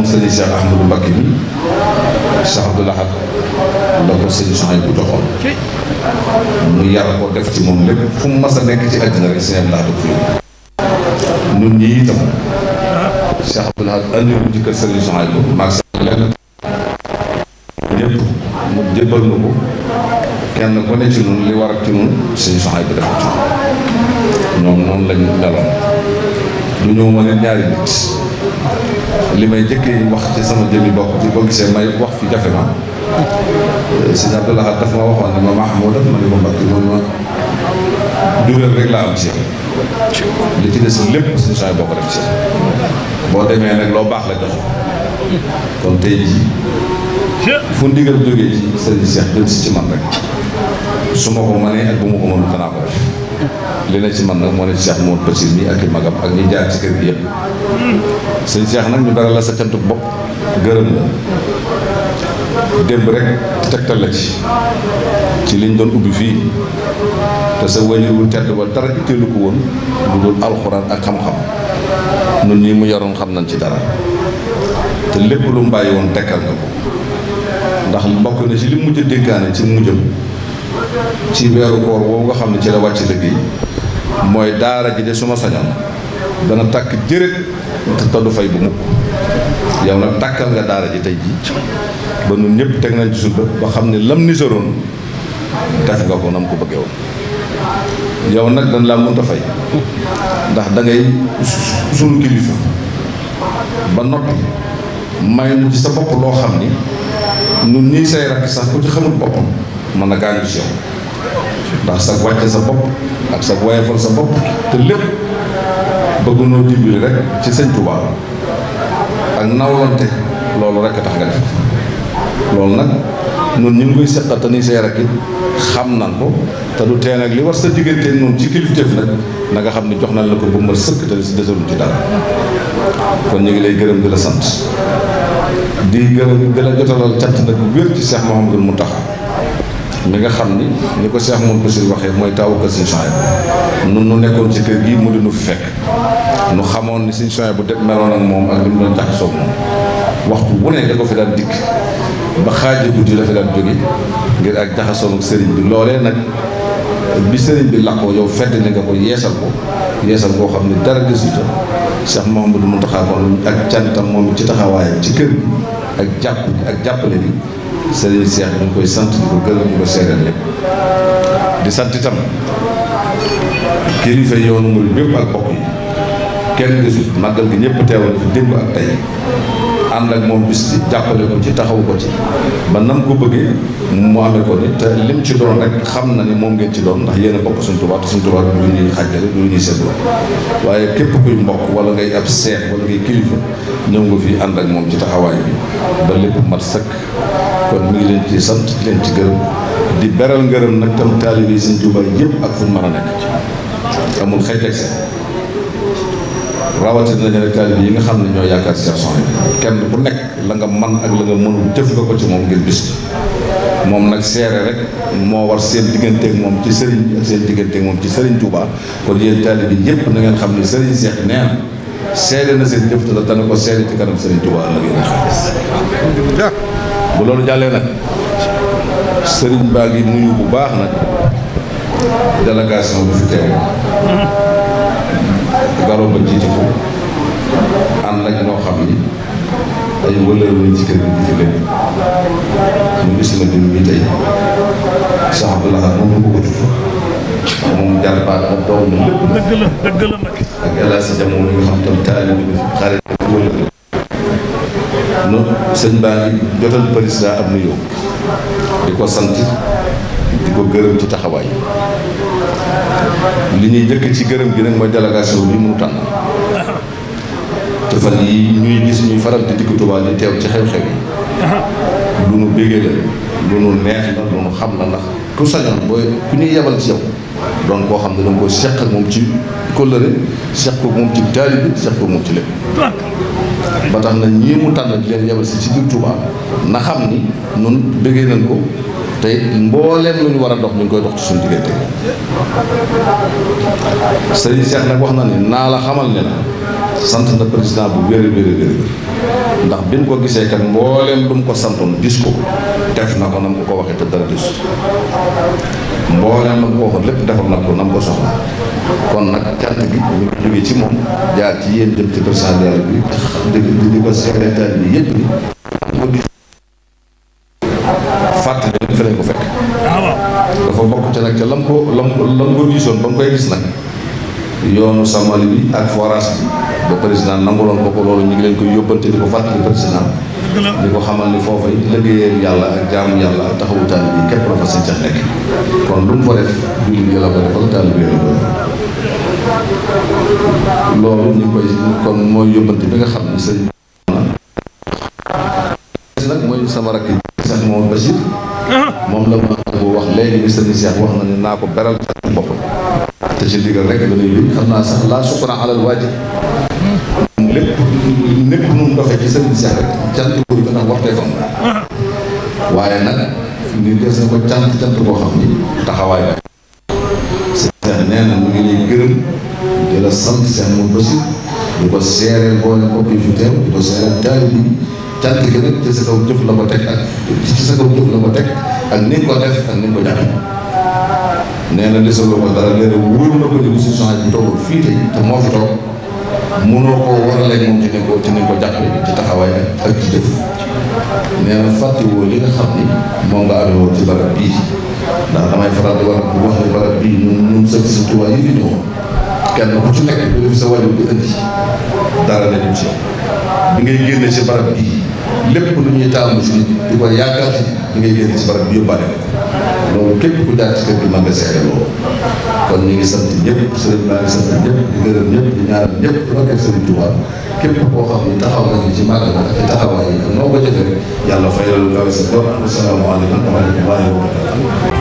moom sëriñ Cheikh Ahmadou Mbacke bi Cheikh Abdou Lahad la ko sëriñ Souhaïbou bu joxoon mu yar ko def ci moom lépp fu mu mas a nekk ci àddina rek sëriñ Lahad fi ñun ñii itam Cheikh Abdou Lahad andi ko ci kër sëriñ Souhaïbou bu maag sax lenn ñëpp mu jébbal na ko kenn ku ne ci ñun li war ak ci ñun sëriñ Souhaïbou bu def ci ñoom noonu lañ daloon du ñëw ma ne ñaari nit li may jëkkee wax ci sama jëmmi bokk bi boo gisee may wax fi jafe ma euh, sëñ Abdou Lahad daf ma waxoon ne ma Mahmoud ma ne ko Mbacke moom ma dugal rek laa am si li ci des lépp suñu saa boo ko def si boo demee nag loo baax la jox kon tey jii fu ndigal jógee ci si ci man rek su ma ko mënee ak bu ma ko mënul danaa ko li na ci man nag moo ne ci Cheikh Mouhamed Bachir ak i magam ak ni jaar ci kër gi yëpp sëñ Cheikh nag ñu dara la sa cantuk bopp gërëm la démb rek tegtal la ci ci liñ doon ubbi fii te sa wajur wu tedd ba dara itteelu ko woon lu dul alxuraan ak xam-xam nun ñi mu yaroon xam nañ ci dara te lépp lu mu bàyyi woon tekkal nga ko ndax bokk na ci li mujj dénkaane ci mujjam ci weeru koor boobu nga xam ne ci la wàcc liggéey mooy daara ji de suma sañoon dana takk jërét te toddu fay bu mukk yow nag takkal nga daara ji tey ji ba ñun ñëpp teg nañ ci suñu bët ba xam ne lam ni soroon tax nga ko nam ko bëggee woon yow nag dañ laa mënta fay ndax dangay ngay suñu kilifa ba noppi may nu ci sa bopp loo xam ni ñun ñii say rakk sax ku ci xamul boppam mën a gaañu si yow ndax sa wàcce sa bopp ak sa woyefal sa bopp te lépp bëgg noo dimbali rek ci sëñ Tuubaa ak nawlante loolu rek tax nga def loolu nag noonu ñu ngi koy seqal te ni say rek xam nan ko te du tee nag li war sa diggante noonu ci kilifteef nag na nga xam ne jox nañ la ko bu ma sëkk te si desaluñ ci dara kon ñu ngi lay gërëm di la sant di gërëm di la jotalal cant nag bu wér ci Cheikh mu Mountakha mi nga xam ni ni ko seex moom si waxee mooy taawu kër Serigne Souhaïbou nun nu nekkoon ci kër gi mu di nu fi fekk nu xamoon ni Serigne Souhaïbou det meloon ak moom ak li mu doon jaxasoo moom waxtu fi daan dikk ba xaaju guddi la fi daan jóge ngir ak jaxasoo sëriñ bi loolee nag bi sëriñ bi làqoo yow fedd ni nga ko yeesal ko yeesal koo xam ni dara desuta Cheikh Mouhamadou Mountakha kon ak cantam moom ci taxawaayam ci kër gi ak jàpp ak jàppale bi sëriñ Cheikh ñu ngi koy sant di ko gërëm di ko seereel lépp di sant itam kilifa yoonu murid bépp ak bokk yi kenn gisul màggal gi ñëpp teewal fi démb ak tey ànd ak moom bis bi jàppale ko ci taxawu ko ci ba nam ko bëggee mu amee ko ni te lim ci doon rek xam na ni moom ngeen ci doon ndax yéen a bokk suñ tubaab te suñ tubaab du ñuy xàjjale du ñuy séddoo waaye képp kuy mbokk wala ngay ab seet wala ngay kilifa ñëw nga fii ànd ak moom ci taxawaay bi ba lépp mat sëkk kon mu ngi leen ci sant di leen ci gërëm di beral ngërëm nag tam taalibe yi seen jubal yëpp ak fu man a nekk amul xëy teg seen rawatina ñeneen taalibe yi nga xam ne ñoo yaakaar Cheikh Souhaïbou bi kenn ku nekk la nga man ak la nga mënul jëf nga ko ci moom ngir bis moom nag seere rek moo war seen digganteeg moom ci sëriñ seen digganteeg moom ci sëriñ Touba kon yéen taalibe yi yëpp na ngeen xam ne sëriñ Cheikh nee na seede na seen jëf la dana ko seede ci kanam sëriñ Touba la ngeen xam bu loolu jàllee nag sëriñ baa ngi nuyu bu baax nag délégation bi fi Garo ba jiite ko ànd ak ñoo xam ni ay wëllëg lañ ci kër gi di fi lépp ñu gis tey sax Abdoulaye moom la ko ko tudd moom jarbaat ak doom la. dëgg la dëgg la nag. ak El Hadj Jamono ñu xam tam taalibe bi xarit bi wëllëg la. non sëñ am na yow di ko sant di ko gërëm ci taxawaay. li ñuy njëkk ci gërëm gi nag mooy délégation bi mu tànn te fan yi ñuy gis ñuy faral di dikk Tuubaa di teew ci xew-xew yi lu nu bégee la lu nu neex la lu nu xam na ndax ku sañoon booy ku ñuy yebal ci yow doon koo xam ne danga ko seq ak moom ci kóllëre seq ko moom ci taalibe seq ko moom ci lépp ba tax na ñii mu tànn di leen yebal si ci biir Tuubaa na xam ni nun bégee nañ ko tey mbooleem lu ñu war a dox ñu ngi koy dox ci suñu diggante sëriñ Cheikh nag wax na ni naa la xamal ne la sant na président bu wér a wér a ndax bi mu ko gisee kat mbooleem lu mu ko santoon gis ko def na ko na mu ko waxee te dara gis mbooleem lu mu lépp defal na ko na mu ko soxla kon nag cant gi ñu jógee ci moom jaar ci yéen jëm ci président de la République bi yëpp lam ko lam ko lam ko koy gis nag yoonu sàmmali bi ak forage bi ba président nanguloon ko ko loolu ñu ngi leen koy yóbbante di ko fàttali président di ko xamal ni foofa liggéeyam yàlla ak jaamu yàlla ak taxawu taalib la fa sañ sax nekk kon lu mu fa def jullit yi la defal taalib yi la loolu ñu koy kon mooy yóbbante bi nga xam ne sa nag mooy moom la ma bu wax léegi bi sëñ Cheikh wax na ne naa ko beral ak boppam te ci ndigal rek la ñuy bind xam naa sax laa sukran alal waajib lépp lépp nu mu doxee ci sëñ Cheikh rek cant boobu ko tax waxtee fam waaye nag ñu des na ko cant cant koo xam ni taxawaay la sëñ Cheikh nee na mu ngi lay gërëm di la sant Cheikh Mouhamed Bachir di ko seereel boole mbokk yi fi teew di ko seereel taal cant gi nag ci sa kaw jëf la ko teg ak ci sa kaw jëf la ko teg ak ni ko def ak ni ko jàpp nee na li sa ko dara nee na wóor na fii tey te koo warale moom ci ni ko ci ni ko jàppe ci taxawaay ak ak ci na fàttewoo li nga xam ni moom nga amee woon ci barab bii ndax damay faral di wax bu waxee barab bii ñun ñun sëñ si tubaab yi fi ñëw kenn ku nekk bu fi sa wàllu bi indi dara la ñu bi ngay génne ci barab bii. lépp lu ñuy taamu si di ko yaakaar si di ngay génn si barab bi yóbbaale ko loolu képp ku jaar ci kër gi mën nga seede loolu kon ñu ngi sant ñëpp sëriñ di gërëm ñëpp di ñaanal ñëpp di ko def képp koo xam ne taxaw nañu ci màggal ak ci taxawaay yi noo ko jëfee yàlla fayal lu gawe sa bopp asalaamaaleykum wa rahmatullaahi wa barakaatuh